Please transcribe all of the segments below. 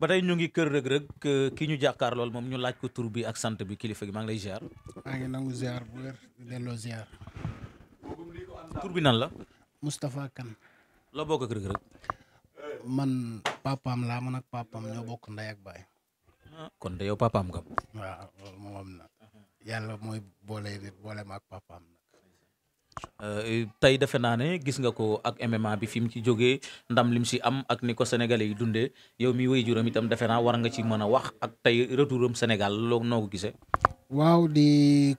ba tey ñu ngi kër rëg-rëg ki ñu jàkkaar lool moom ñu laaj ko tur ak sant bi kilifa gi maa ngi lay ziar. maa ngi nangu ziar bu wér di delloo ziar. tur bi la. Moustapha Kane. la bokk ak rëg-rëg. man papaam laa man ak papaam ñoo bokk ndey baay. Ah, kon de yow papaam nga. waaw loolu moom am na. yàlla mooy boole nit boole ma ak papaam. Euh, tey defe naa ne gis nga ko ak MMA bi fi mu ci jógee ndam lim si am ak ni ko sénégalais yi dundee yow mi wéy juróom itam defe naa war nga ci mën a wax ak tey retouram Sénégal loo noo ko gisee. waaw di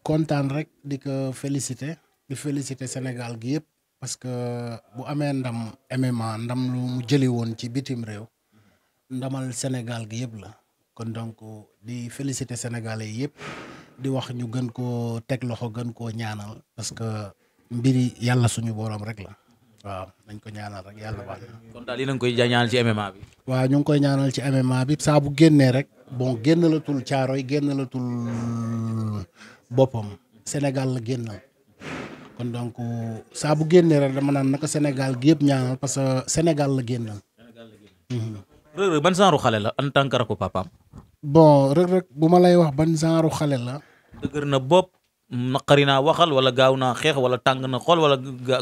kontaan rek di ko féliciter di féliciter Sénégal gi yëpp parce que bu amee ndam MMA ndam lu mu jëli woon ci bitim réew ndamal Sénégal gi yëpp la kon donc di féliciter sénégalais yëpp di wax ñu gën koo teg loxo gën koo ñaanal parce que. mbiri yàlla suñu borom rek la waaw dañ ko ñaanal rek yàlla baax na. kon koy ñaanal ci MMA bi. waaw koy ñaanal ci MMA bi bu génnee rek bon génn la tul caaroy génn la donc saa bu génnee rek dama naan naka senegal gi yëpp ñaanal parce que Sénégal la génnal. Mhm. Reug Reug ban genre xale la en wax ban genre xale la. dëgër na bopp naqari naa waxal wala gaaw naa xeex wala tàng na xool wala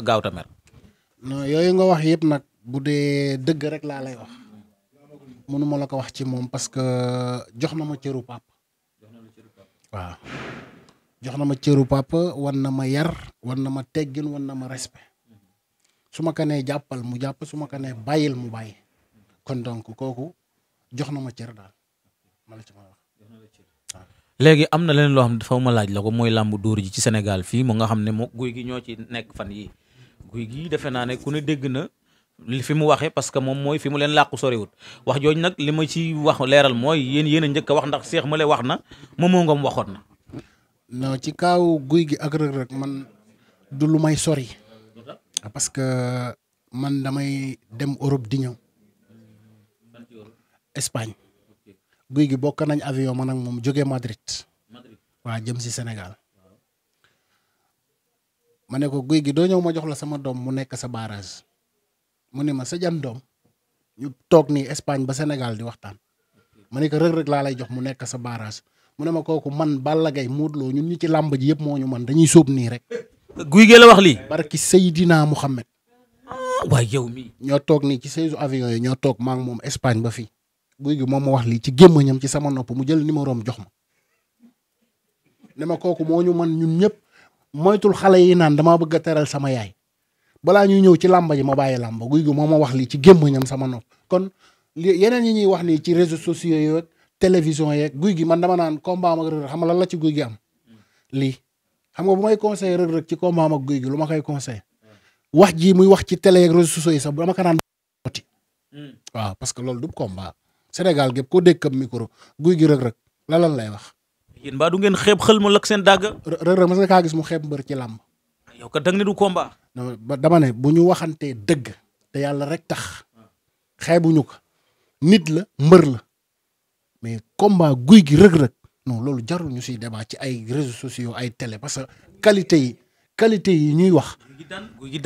gaaw ta mer yooyu nga wax yëpp nag bu dee dëgg rek laa lay wax mënuma la ko wax ci moom parce que jox na ma cëru pap waaw jox na ma cëru pap wan na ma yar wan na ma teggin wan na ma respect su ma ko nee jàppal mu jàpp su ma ko nee bàyyil mu bàyyi kon donc kooku jox na ma cër daal léegi am na leen loo xam ne faw ma laaj la ko mooy làmb dóor ji ci Sénégal fii mu nga xam ne moo guy gi ñoo ci nekk fan yi guy gi defe naa ne ku ne dégg na li fi mu waxee parce que moom mooy fi mu leen làqu soriwut wax jooju nag li ma ci wax leeral mooy yéen yéen a njëkk a wax ndax seex ma le wax na moom moo ngoom waxoon na. noo ci kaaw guy gi ak rëg rëg man du lu may sori. parce que man damay dem Europe di ñëw guy gi bokk nañ avion man ak moom jógee Madrid waa jëm si Sénégal ne ko guy gi doo ñëw ma jox la sama doom mu nekk sa barrage mu ne ma sa doom ñu toog nii Espagne ba Sénégal di waxtaan ma ne ko Reug Reug laa lay jox mu sa barrage mu ne ma kooku man Balla Gaye Modou Lo ñun ci làmb ji yëpp moo ñu man dañuy sóob nii rek. guy gi la wax lii. barki Seydina Mouhamed. Ah, waaye yow mii. ñoo toog nii ci seize avion yi ñoo toog maa moom Espagne ba fii. guy gi moom ma wax lii ci gémmañam ci sama nopp mu jël numéro am jox ma ne ma kooku moo ñu man ñun ñëpp moytul xale yi naan damaa bëgg teral sama yaay balaa ñuy ñëw ci làmba ji ma bàyyi làmba guy gi moom ma wax lii ci gémmañam sama nopp kon yeneen yi ñuy wax nii ci réseaux sociaux yeeg télévision yeeg guy gi man dama naan combat am ak Reug ci guy gi am lii xam bu may conseillé ci combat am ak lu ma koy conseillé wax ji muy wax ci télé yeeg réseaux sociaux yi sax naan hmm. waaw parce que loolu du combat Sénégal gépp ko dégg micro guy gi rëg-rëg la lay wax. yéen mbaa du ngeen xeeb xel ma lak seen dagg rëg-rëg mas nga kaa gis mu xeeb mbër ci làmb. yow da nga ne du combat. dama ne bu ñu waxante dëgg te yàlla rek tax xeebuñu ko nit la mbër la mais combat guy gi rëg-rëg non loolu jarul ñu siy débat ci ay réseaux sociaux ay télé parce que qualité yi qualité yi ñuy wax. guy gi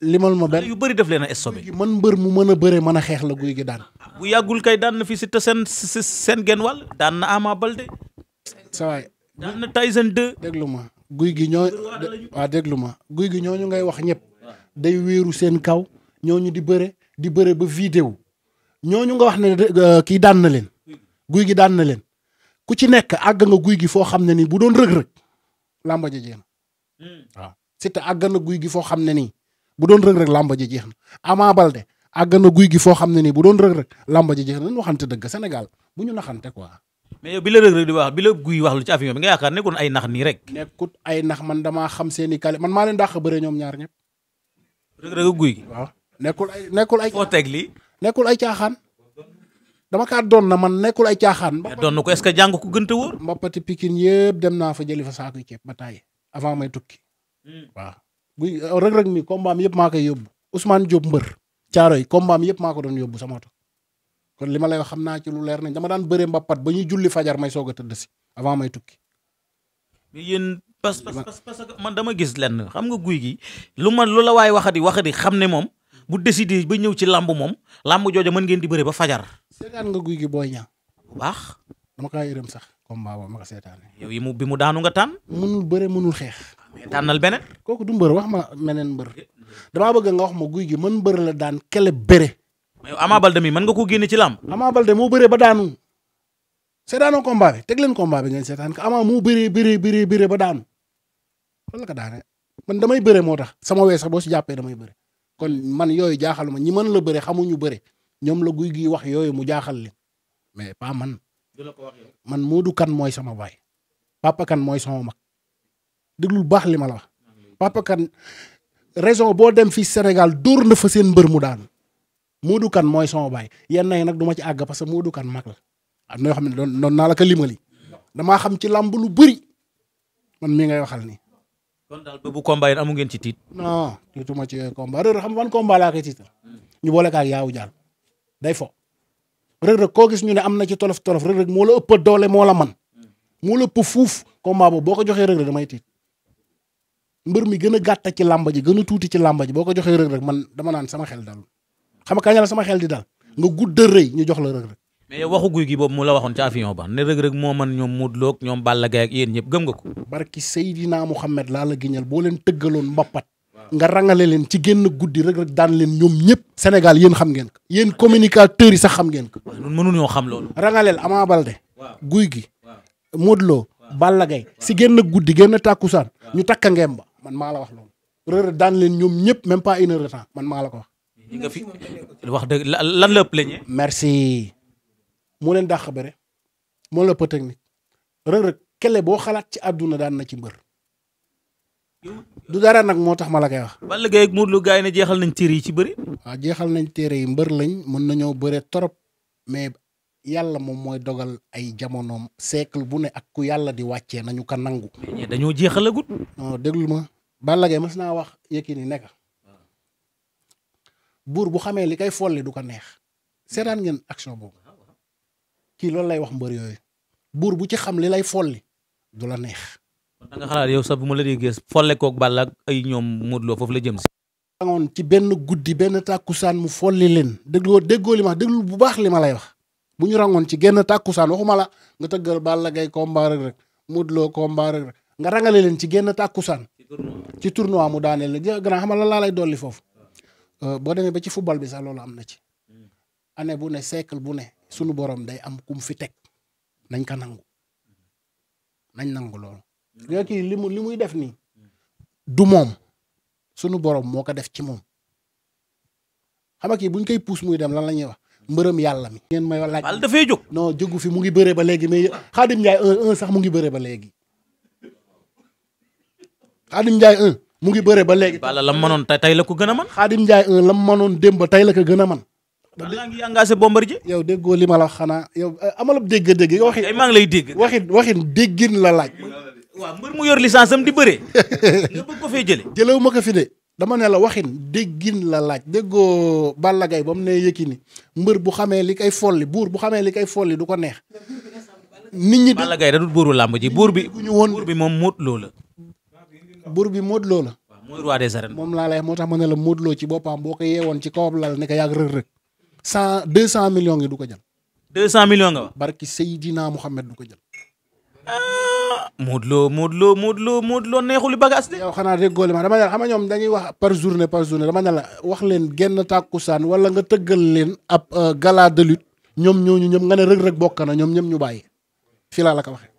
limal ma benn yu bëri def leen a stoppé. man mbër mu mën a bëree mën a xeex la guy gi daan. bu yàggul kay daan na fi Siteu seen seen genn wàll daan na Ama Baldé. sa daan na Tyson 2. déglu ma guy gi ñoo waaw guy gi ñooñu ngay wax ñépp day wéeru seen kaw ñu di bëre di bëre ba vidéo ñooñu nga wax ne euh, kii daan na leen guy gi daan na leen ku ci nekk àgg nga guy gi foo xam ne nii bu doon rëg-rëg làmba ja jeex na hmm. àgg na guy gi foo xam ne nii. bu doon rëg rek làmba ji jeex na Ama Baldé àgg na guy gi foo xam ne nii bu doon rëg rek làmba ji jeex na ñu waxante dëgg Sénégal bu ñu naxante quoi. mais yow bi la rëg rëg di wax bi la guy wax lu ci avion bi nga yaakaar nekkul ay rek. nekkut ay nax man damaa xam seen i man maa leen dàq bëre ñoom ñaar ñëpp. rëg rëg guy gi. waaw nekkul ay nekkul ay. foo teg lii. nekkul ay caaxaan. dama kaa doon na man nekkul ay caaxaan. mais doon na ko est-ce que jàng ko gën te mbappati Pikine yëpp dem naa fa jëli fa saako ceeb ba tàyyi avant may tukki hmm. waaw buy uh, rëg-rëg mi combat am yëpp maa koy yóbbu Ousmane jóob mbër caaro yi combat am yëpp maa ko doon yóbbu sama oto kon li ma lay xam naa ci lu leer nañ dama daan bëree mbappat ba ñuy julli fajar may soog a tëdd si avant may tukki. mais yéen parce parce parce que man dama gis lenn xam nga guy gi lu man lu la waay waxati waxati xam ne moom bu décidé ba ñëw ci làmb moom làmb jooja man ngeen di bëre ba fajar. seetaan nga guy gi booy ñaa bu baax. dama kaa yërëm sax combat boobu ma ko seetaanee. yow yi mu bi mu daanu nga tànn. mënul bëre mënul xeex. tànnal ko ku du mbër wax ma meneen mbër damaa bëgg nga wax ma guy gi man mbër la daan kele bëre. mais Ama Balde mi man nga koo génne ci làmb. Ama Balde moo bëree ba daanu seetaanoo combat bi teg leen combat bi ngeen seetaan ko Ama moo bëree bëree bëree bëree ba daanu fan la ko daanee man damay bëre moo tax sama wee sax si jàppee damay bëre kon man yooyu jaaxal ma ñi mën la bëre xamuñu bëre ñoom la guy gi wax yooyu mu jaaxal leen mais pas man. man du kan mooy sama baay papa Kane lu baax li ma la wax Papa Kane boo dem fii senegal dóor na fa seen mbër mu daan Modou Kane mooy sama baay yenn yi nag du ma ci àgg parce que Modou Kane mag la am na yoo xam damaa xam ci làmb lu bëri man mii ngay waxal nii. kon daal bu combat ngeen ci tiit. non tiituma tiital ñu boole kaag yaawu jaar day fo. Reug Reug koo gis ñu ne am na ci tolof tolof Reug Reug moo la ëpp doole moo la man moo la ëpp fuuf combat boobu boo ko joxee Reug Reug damay tiit. mbër mi gën a gàtta ci làmba ji gën a tuuti ci làmba ji boo ko joxee rëg rek man dama naan sama xel dal xam nga kañ sama xel di dal nga gudd rëy ñu jox la rëg rek mais waxu guy gi boobu mu la waxoon ci avion ba ne rëg rëg moo man ñoom Modou Lo ak ñoom Balla Gaye ak yéen ñëpp gëm nga ko barki Seydina Mouhamed laa la giñal boo leen tëggaloon mbappat nga rangale leen ci génn guddi rek rek daan leen ñoom ñëpp Sénégal yéen xam ngeen ko yéen communicateurs yi sax xam ngeen ko ñun mënuñoo xam loolu rangaleel Ama Baldé guy gi Modou Lo Balla Gaye si génn guddi génn tàkkusaan ñu takka ngemba man maa la wax loolu. Reug daan leen ñoom ñëpp même pas une heure de temps man maa ko wax. ñu nga fi wax lan la ëpp merci. moo leen dàq bëre moo la ëpp technique Reug kele boo xalaat ci àdduna daan na ci mbër. du dara nag moo tax ma la koy wax. Balla Gaye ne jeexal nañ téere yi ci bëri. waaw jeexal nañ téere yi mbër lañ mën nañoo bëre trop mais yàlla moom mooy dogal ay jamonoom siècle bu ne ak ku yàlla di wàccee nañu ko nangu. mais dañoo jeexalagut. non déglu ma Balla Gaye mës naa wax Yékini nekk buur bu xamee li kay folli du ko neex seetaan ngeen action boobu kii loolu lay wax mbër yooyu buur bu ci xam li lay folli du la neex. da nga xalaat yow sax bu ma la déggee folle koog Balla ak ay ñoom Modou Lo foofu la jëm si. angoon ci benn guddi benn tàkkusaan mu folli leen dégloo déggoo li ma déglu bu baax li ma lay wax bu ñu rangoon ci genn tàkkusaan waxuma la nga tëggal Balla Gaye combat Reug Reug Modou Lo nga rangale leen ci genn tàkkusaan ci tournoi mu daaneel la grand xamal la laa lay dolli foofu euh, boo demee ba ci football bi sax loolu am na ci année bu ne siècle bu ne sunu boroom day am kum fi teg nañ ko nangu nañ nangu loolu. nga kii li li muy def nii du moom sunu borom moo ko def ci moom xam nga kii buñ koy pousse muy dem lan la ñuy wax. mbërëm yàlla mi. ngeen may wax laaj. dafay jóg. non jógu fi mu ngi bëre ba léegi mais Xaadim Njaay sax mu ngi bëree ba léegi. Xaadim Njaay 1 mu ngi bëre ba léegi. Balla la mënoon tey la ko gën a mën. Xaadim Njaay 1 la mënoon démb tey la ko gën a mën. Balla ngi engagé Bombardier. yow déggoo li ma la xanaa yow eh, amalab dégg-dégg yow. waxi maa ngi lay dégg. waxin waxin déggin la laaj. waaw mbër mu yor licence am di bëree. nga bëgg ko fee jëlewu ma ko fi dama ne la waxin déggin la laaj déggoo Balla Gaye ba mu ne Yékini mbër bu xamee li koy folli buur bu xamee li koy folli du ko neex. nit ñi Balla Gaye da dul buuru làmb ji buur bi. buur bi moom mot loola. buur bi Modou Lo la. waaw mooy roi moom laa lay moo tax ma ne la Modou Lo ci boppam boo ko yeewoon ci kawam lal ne ko yàgg rëg-rëg cent deux cent millions yi du ko jël. deux cent millions nga wax. barki Seydina Mohamed du ko jël. Ah, Modou Lo Modou Lo Modou Lo Modou Lo neexul bagaas de. yow xanaa déggoo ma dama ne la ñoom dañuy wax par journée par journée dama ne wax leen genn saan wala nga tëggal leen ab euh, gala de lutte ñoom ñooñu ñoom nga ne rëg-rëg bokk na ñoom ñëpp ñu bàyyi fii laa la ko waxee.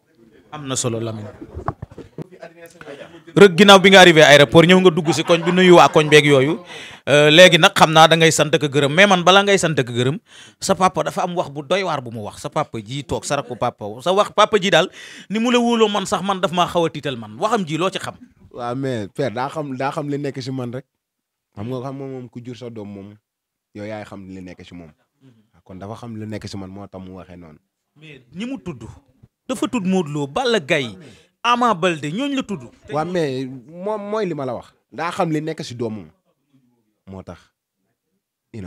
am na solo Lamine. rek ginnaaw bi nga arrivé aéroport ñëw nga dugg si koñ bi nuyu waa koñ beeg yooyu euh, léegi nag xam naa da ngay sant ak gërëm mais man balaa ngay sant ak gërëm sa papa dafa am wax bu doy waar bu mu wax sa papa ji toog sa rakku papa sa wax papa ji daal ni mu la wóoloo man sax man dafa maa xaw a tiital man waxam ji loo ci xam. waa mais père daa xam daa xam li nekk si man rek xam nga xam nga moom ku jur sa doom moom yow yaay xam li nekk si moom mm-hmm. kon dafa xam la nekk si man moo tam mu waxee noonu. mais ñi mu tudd dafa tudd Modou loo Balla Gaye Ama Baldé ñooñu la tudd. waaw mais moom mooy li ma la wax. daa xam li nekk si doomam moo tax. you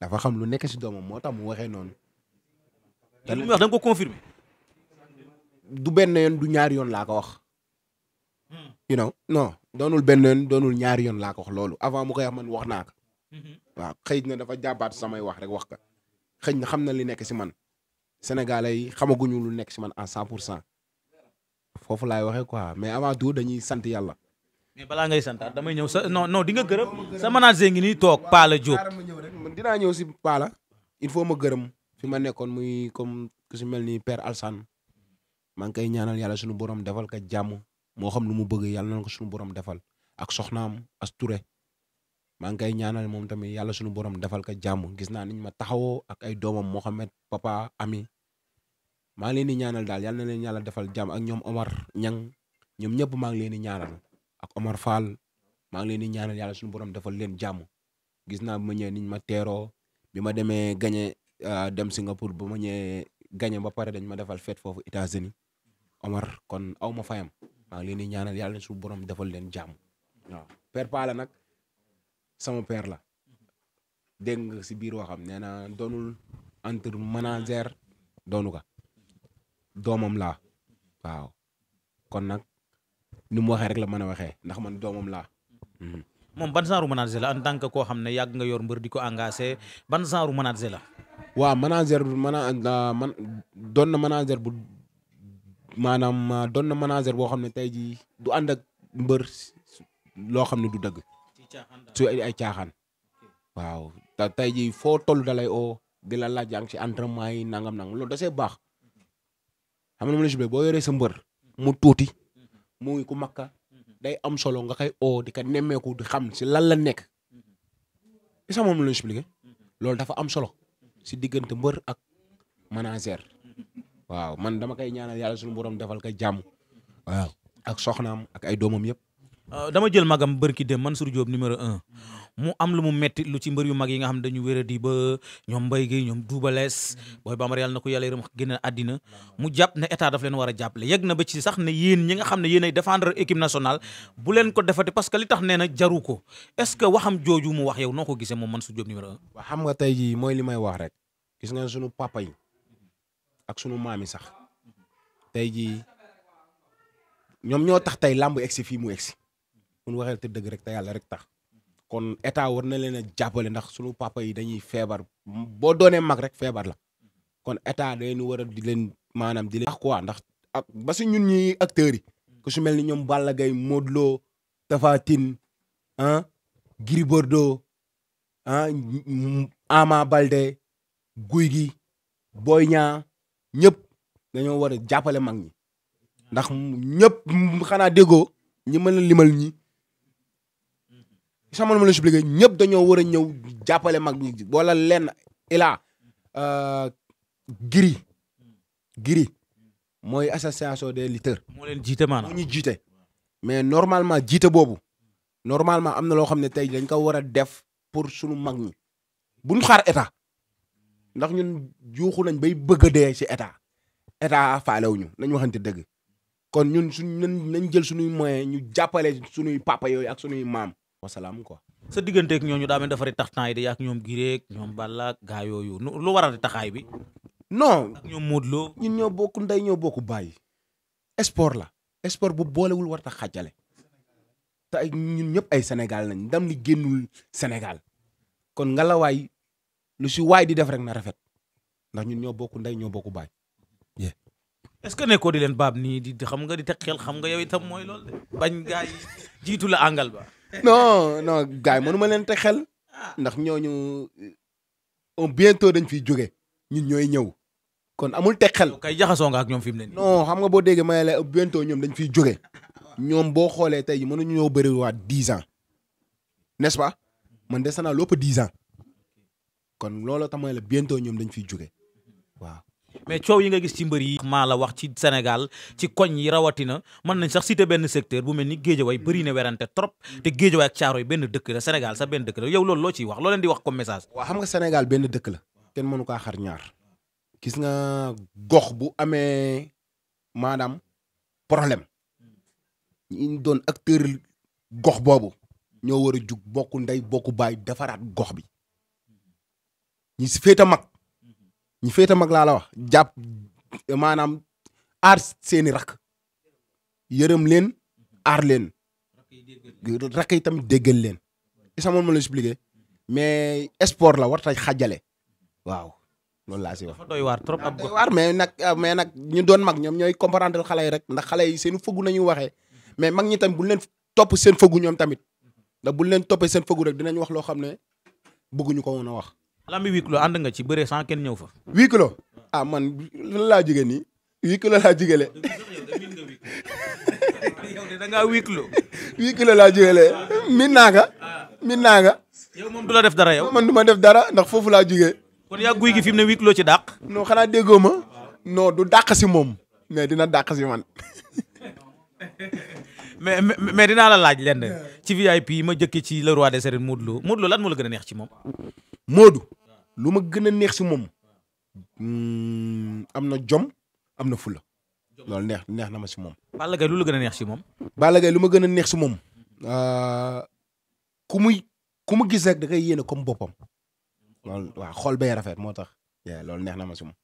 dafa xam lu nekk si doomam moo tax mu waxee noonu. te li mu ko confirmer. du benn yoon du ñaari yoon laa ko wax. Hmm. you know doonul benn yoon doonul ñaari yoon laa ko loolu avant mu koy wax man wax naa ko. Hmm. waaw xëy na dafa jàppaat samay wax rek wax ka xëy na xam na li nekk si man. Sénégalais yi xamaguñu lu nekk si man à 100 pour cent foofu laay waxee quoi mais avant tout dañuy sant yàlla. mais balaa ngay santaat damay ñëw sa non di nga gërëm sa manager ngi nii toog Paala Diop. man dinaa ñëw si Paala. il faut ma gërëm fi ma nekkoon muy comme ku si mel ni Père Alsane maa ngi ñaanal yàlla suñu borom defal ka jàmm moo xam nu mu bëgg yàlla na ko suñu borom defal ak soxnaam as Touré maa ngi koy ñaanal moom tamit yàlla suñu borom defal ka jàmm gis naa ni ñu ma taxawoo ak ay doomam Mohamed papa Ami maa ngi leen di ñaanal daal yal na leen yàlla defal jàmm ak ñoom Omar Ñang ñoom ñëpp maa ngi leen di ñaanal ak Omar Fall maa ngi leen di ñaanal yàlla suñu borom defal leen jàmm gis naa bu ma ñëwee niñ ma teeroo bi ma demee gañe ah, dem Singapour bu ma ñëwee gañe ba pare dañ ma defal fête foofu États-Unis Omar kon aw ma fayam maa ngi leen di ñaanal yàlla suñu borom defal leen jàmm waaw père nag sama per la dégg nga si biir waxam nee na doonul entre manager doonu ka doomam laa waaw kon nag ni mu waxee rek la mën a waxee ndax man doomam laa. Hmm. moom ban genre manager la en tant que koo xam ne yàgg nga yoor mbër di ko engagé ban genre manager la. waaw manager mana ah, man doon na manager bu maanaam ah, doon na manager boo xam ne tey jii du ànd ak mbër loo xam ne du dëgg. su ay caaxaan. waaw te tey jii foo toll dalay oo di la laaj yaa ngi ci entraînement yi nangam nangam loolu da see baax. xam nga ma la boo yoree sa mbër mu tuuti mu ngi ku makka day am solo nga koy oo di ko nemmeeku di xam si lan la nekk isa moom la ñu expliqué loolu dafa am solo si diggante mbër ak manager waaw man dama koy ñaanal yàlla suñu borom dafal ko jàmm waaw ak soxnaam ak ay doomam yëpp. Ah, dama jël magam bërki dem Mansour Diop numéro un mu am lu mu metti lu ci mbër yu mag yi nga xam ne dañu wéradi ba ñoom mbay gi ñoom duubalees mm-hmm. booy bambara yàlla na ko yàlla yërëm génn àddina mu jàpp ne état daf leen war a jàppale yegg na ba ci sax ne yéen ñi nga xam ne yéen ay défendre équipe nationale bu leen ko defati parce que li tax nee na jaru ko est-ce que waxam jooju mu wax yow noo ko gisee moom man su jóob numéro un waa xam nga tey jii mooy li may wax rek gis nga sunu papa sunu maam yi sax tey jii ñoom ñoo tax tey làmb egsi fii mu egsi mun waxee te dëgg rek te yàlla rek tax kon état war na leen a jàppale ndax suñu papa yi dañuy feebar boo doonee mag rek feebar la kon état dañu war a di leen maanaam di leen. ndax quoi ndax ak ba si ñun ñi acteurs yi. ku su mel ni ñoom Balla Gaye Modou Lo Tapha Tine ah, ah Ama Baldé Guy gi Boy Niang ñëpp dañoo war a jàppale mag ñi ndax ñëpp xanaa déggoo ñi mën limal ñi. sama ma la expliqué ñëpp dañoo war a ñëw jàppale mag ñi wala lenn ila euh, giri giri mooy association des lutteurs. moo leen jiite maanaam moo ñu jiite. mais normalement jiite boobu normalement am na loo xam ne tey dañ ko war a def pour sunu mag ñi bu ñu état ndax ñun juuxu nañ bay bëgg a dee ci état état faalewu ñu nañ waxante dëgg kon ñun suñ nañ jël suñuy moyen ñu jàppale suñuy papa yooyu ak suñuy maam. wasalaam quoi. sa digganteeg ñooñu daa mel dafa di tax temps yi di yàgg ñoom Girek ñoom Balla gaa yooyu lu waral taxaay bi. non ak ñoom Modou Lo ñun ñoo bokk ndey ñoo bokk bàyyi. sport la sport bu boolewul war ta xàjjale. te ay ñun ñëpp ay senegal lañ ndam li génnul senegal kon ngalawaay lu si waay di def rek na rafet ndax ñun ñoo bokku nday ñoo bokku baay. est-ce que nekkoo di leen baab nii di xam nga di teg xel xam nga yow itam mooy loolu de. bañ gaa yi jiitu la àngal ba. non non gars yi ma leen te xel ndax ñooñu on bientôt dañ fiy juge ñun ñooy ñëw kon amul teg xel. kay jaxasoo nga ak ñoom fi mu ne noo non xam nga boo déggee ma la bientôt ñoom dañ fiy jóge ñoom boo xoolee tey mënuñu ñoo bëriwaat dix ans n'est-ce pas man dese naa lépp dix ans kon looloo ta ma la bientôt ñoom dañ fiy jóge waaw. mais coow yi nga gis ci mbër yi maa la wax ci Sénégal ci koñ yi rawatina mën nañ sax citer benn secteur bu mel ni géejawaay bëri na werante trop te géejawaay ak caaro yi benn dëkk la sa sax benn dëkk la yow loolu loo ciy wax loo leen di wax comme message waaw xam nga Sénégal benn dëkk la kenn mënu kaa xar ñaar gis nga gox bu amee maanaam problème ñi doon acteur gox boobu ñoo war a jug bokku ndey bokku baay defaraat gox bi ñi si féete mag ñu féete mag laa la wax jàpp maanaam aar seeni rak yërëm leen aar leen rak yi tamit déggal leen isa moom ma la expliqué mais sport la war tay xajale waaw loolu laa si wax. dafa doy waar trop mais nag mais nag ñu doon mag ñoom ñooy comprendre xale yi rek ndax xale yi seen na nañu waxee mais mag ñi tamit bu leen topp seen fogu ñoom tamit nda bul leen toppee seen fogu rek dinañ wax loo xam ne bëgguñu ko woon a wax. lambi huis clos ànd nga ci bëree sans kenn ñëw fa. huis clos ah man lan laa jógee nii. huis clos laa jógee yow de laa jógee min naa nga. Ah. moom du la def dara yow. man du ma def dara ndax foofu laa jógee. kon yaa guy gi fi mu ne huis clos ci dàq. noo xanaa déggoo ma. non du dàq si moom. mais dina dàq si man. mais dinaa la laaj lenn ci VIP ma jëkki ci la roi des arènes Modou Lo Modou Lo lan moo la gën a neex ci moom. Moodu lu ma gën a neex si moom mm, am na jom am na fula loolu neex neex na ma si moom. Balla Gaye lu gën a neex si moom. Balla Gaye ma gën a neex si moom euh, ku muy ku mu gis rek da koy yéene comme boppam loolu waaw xool bay rafet moo tax loolu neex na ma si moom.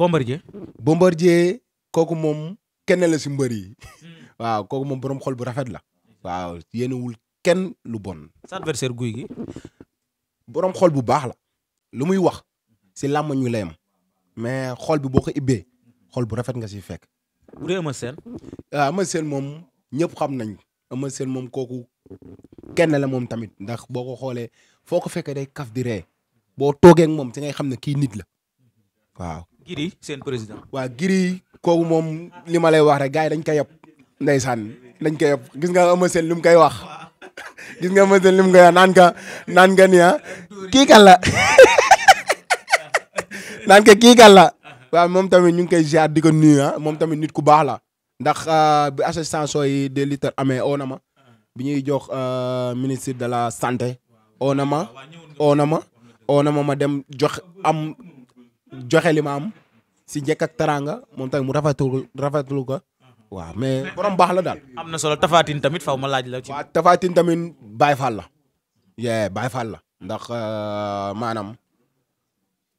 Bombardier. Bombardier kooku moom kenn la si mbër yi hmm. waaw kooku moom borom xol bu rafet la waaw yéenewul kenn lu bon. sa adversaire guy gi. borom xol bu baax la lu muy wax si làmmañ ñu lay am mais xol bi boo ko ibbee xol bu rafet nga si fekk. bu dee Eumeu Sène. ah Eumeu Sène moom ñëpp xam nañ Eumeu moom kooku kenn la moom tamit ndax boo ko xoolee foo ko fekkee day kaf di ree boo toogee moom si ngay xam ne kii nit la waaw. Giri seen président. waaw Giri kooku moom li ma lay wax rek gars yi dañ koy yab ndeysaan dañ koy yab gis nga Eumeu Sène lu mu koy wax. gis nga monsieur lim nga naan nga naan nga ni ah naan nga kii kan moom tamit ñu ngi koy ziar di nuyu ah moom tamit nit ku baax la ndax ah, bi association yi des lutteurs amee oo na bi ñuy jox ah, ministre de la santé oo na ma ma dem jox am joxe li ma am si njëkk ak teraanga moom tamit mu rafetlu rafetlu ko waaw mais borom baax la daal. am na solo Tafatine tamit faw ma laaj la. ci waaw Tafatine tamit Baye Fall la. yee Baye Fall la. ndax euh, maanaam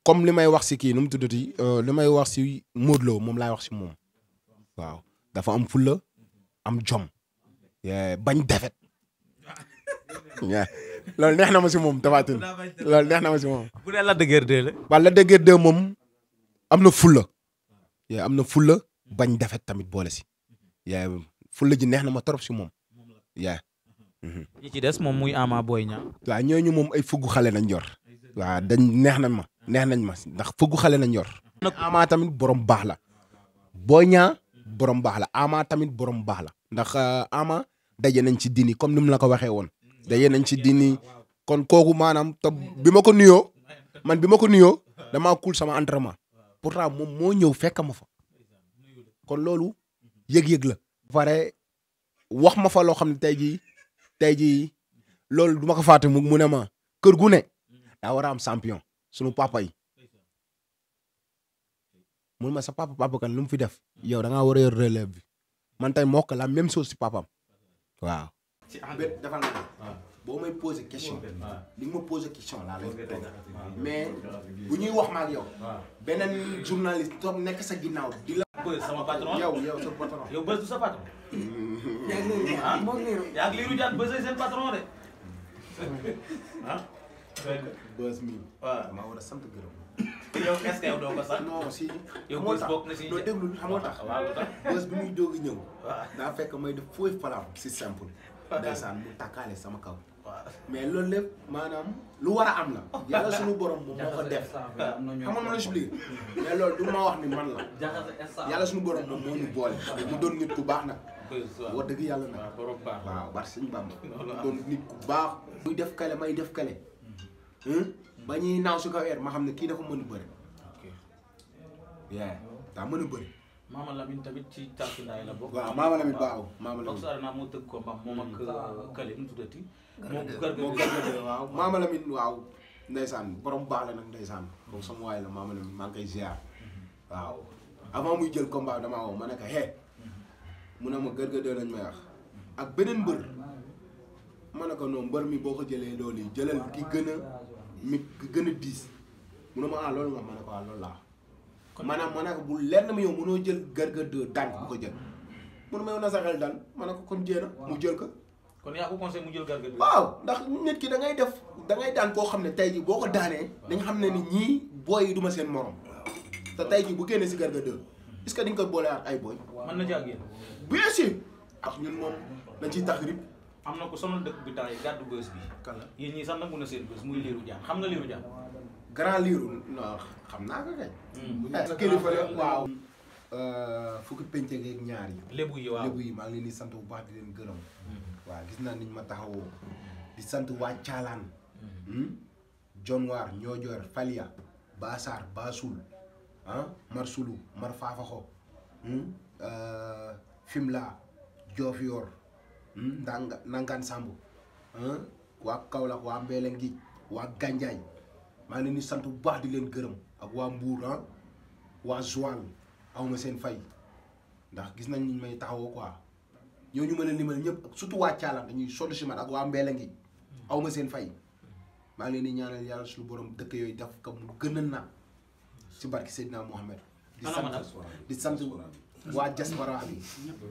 comme li may wax si kii nu mu tuddati euh, li may wax si Modou moom laay wax si moom. waaw dafa am fulla am jom. bañ defet loolu neex na ma si moom Tafatine loolu neex na ma si moom. bu dee Lac de Guiers 2 la. waaw Lac de Guiers 2 moom am na fulla. am na fulla bañ defet tamit boole si. yaay fulla ji neex na ma trop si moom yaay. Mhm. Mhm. ñi ci des moom muy Ama Boy Niang. waaw ñooñu moom ay fuggu xale nañ yor. waaw dañ neex nañ ma mhm. neex nañ ma ndax fuggu xale nañ yor. nag Ama tamit borom baax la. Boy Niang borom baax la Ama tamit borom baax la. ndax uh, Ama daje nañ ci dini comme ni mu la ko waxee woon. daje nañ ci dini kon kooku maanaam te bi ma ko nuyoo man bi ma ko nuyoo damaa kuul sama entraînement pourtant moom moo ñëw fekk ma fa kon loolu. yëg-yëg la. bu wax ma fa loo xam ne tey jii tey ji loolu duma ma ko fàtte mu mu ne ma kër gu ne daa war a am champion sunu papa yi mun ma sa papa papa kan lu mu fi def yow da ngaa war a yor relève bi man tey mokk la même chose si papam waaw. ci affaire ah. may posé question li nga ma posé question laa lay mais ah. bu ñuy wax ma ak ah. beneen journaliste toog nekk sa ginnaaw di la. bëri sama patron yow yow sa patron. yow bës du sa patron. yaa ngi liiru yaa patron de bës ah. mi. waaw ah. war a sant gërëm. yow est-ce que yow doo ko sax. non si yow bës bokk na si. doo déglu xam nga tax bës bi muy doog a ñëw. waaw fekk may def fooy falaam si simple. ndeysaan mu takkaale sama kaw. mais loolu lépp maanaam lu war a am la. yàlla suñu borom moom moo ko def xam nga expliqué mais loolu du ma wax ni man la yàlla suñu borom moom moo ñu boole mu doon nit ku baax nag. wax dëgg yàlla nag waaw bar sëñ Bamba mu doon nit ku baax. muy def kale may def kale mm-hmm. ba ñuy naaw su ko weer ma xam ne kii dafa mën a bëri. waaw daa mën a Maama Lamine tamit ci tàkkindaay la bokk. waaw Maama Lamine baaxul Maama Lamine. Boxar naa moo tëgg ko mbaam moom ak mm. euh, Kale mu tuddati. waaw Maama Lamine waaw. borom baax la nag Ndeysaan moom sama waay la Maama Lamine maa ngi koy ziar. waaw avant muy jël combat damaa woo ma ne ko hee. mu ne ma Garga 2 lañ may wax. ak beneen mbër. ma ne ko non mbër mi boo ko jëlee loolu yi jëlal ki gën mi gën a diis mu ne ma ah loolu nga ma ne ko ah loolu laa. maanaam ma bu leer bu lenn ma yow mënoo jël Garga 2 daan bu ko jël mun ma yow na sa xel daan ma ne ko kon jéem a mu jël ko kon yaa ko conseil mu jël Garga 2 waaw ndax nit ki da ngay def dangay ngay daan koo xam ne tey ji boo ko daanee dañ xam ne ni ñii booy yi duma ma seen morom te tey ji bu génnee si Garga 2 est que di nga ko boolewaat ay booy mën na ci ak yéen bien sûr ndax ñun moom dañ ciy tax rib am na ko sonal dëkk bi temps yi gàddu bës bi yéen ñii sax nangu na seen bës muy liiru jaan xam nga liiru jaan grand liiru non xam naa ko kay. bu hmm. ñu eh, kilifa waaw. Euh, fukki pénc ak ñaar yi. lébu yi waaw lébu yi maa ngi leen di sant bu baax di leen gërëm. Hmm. waaw gis naa niñ ma taxawoo. di sant waa Caalaan. Hmm. John Ñoojoor Falia. Baasaar Baasul. ah Mar Sulu Mar Faafaxo. Euh, Ndanga Nangan Samb. waa Kaolack waa Mbeelengij waa Ganjaay. maa ngi leen di sant bu baax di leen gërëm ak waa Mbour ah waa Joal awma seen fay ndax gis nañ ñu may taxawoo quoi ñoo ñu ma leen limal ñëpp surtout waa Thialam dañuy sonn si man ak waa Mbeelengi awma seen fay maa ngi leen di ñaanal yàlla suñu borom dëkk yooyu def ko mu gënal naa si barki Seydina Mohamed di sant di sant waa diaspora bi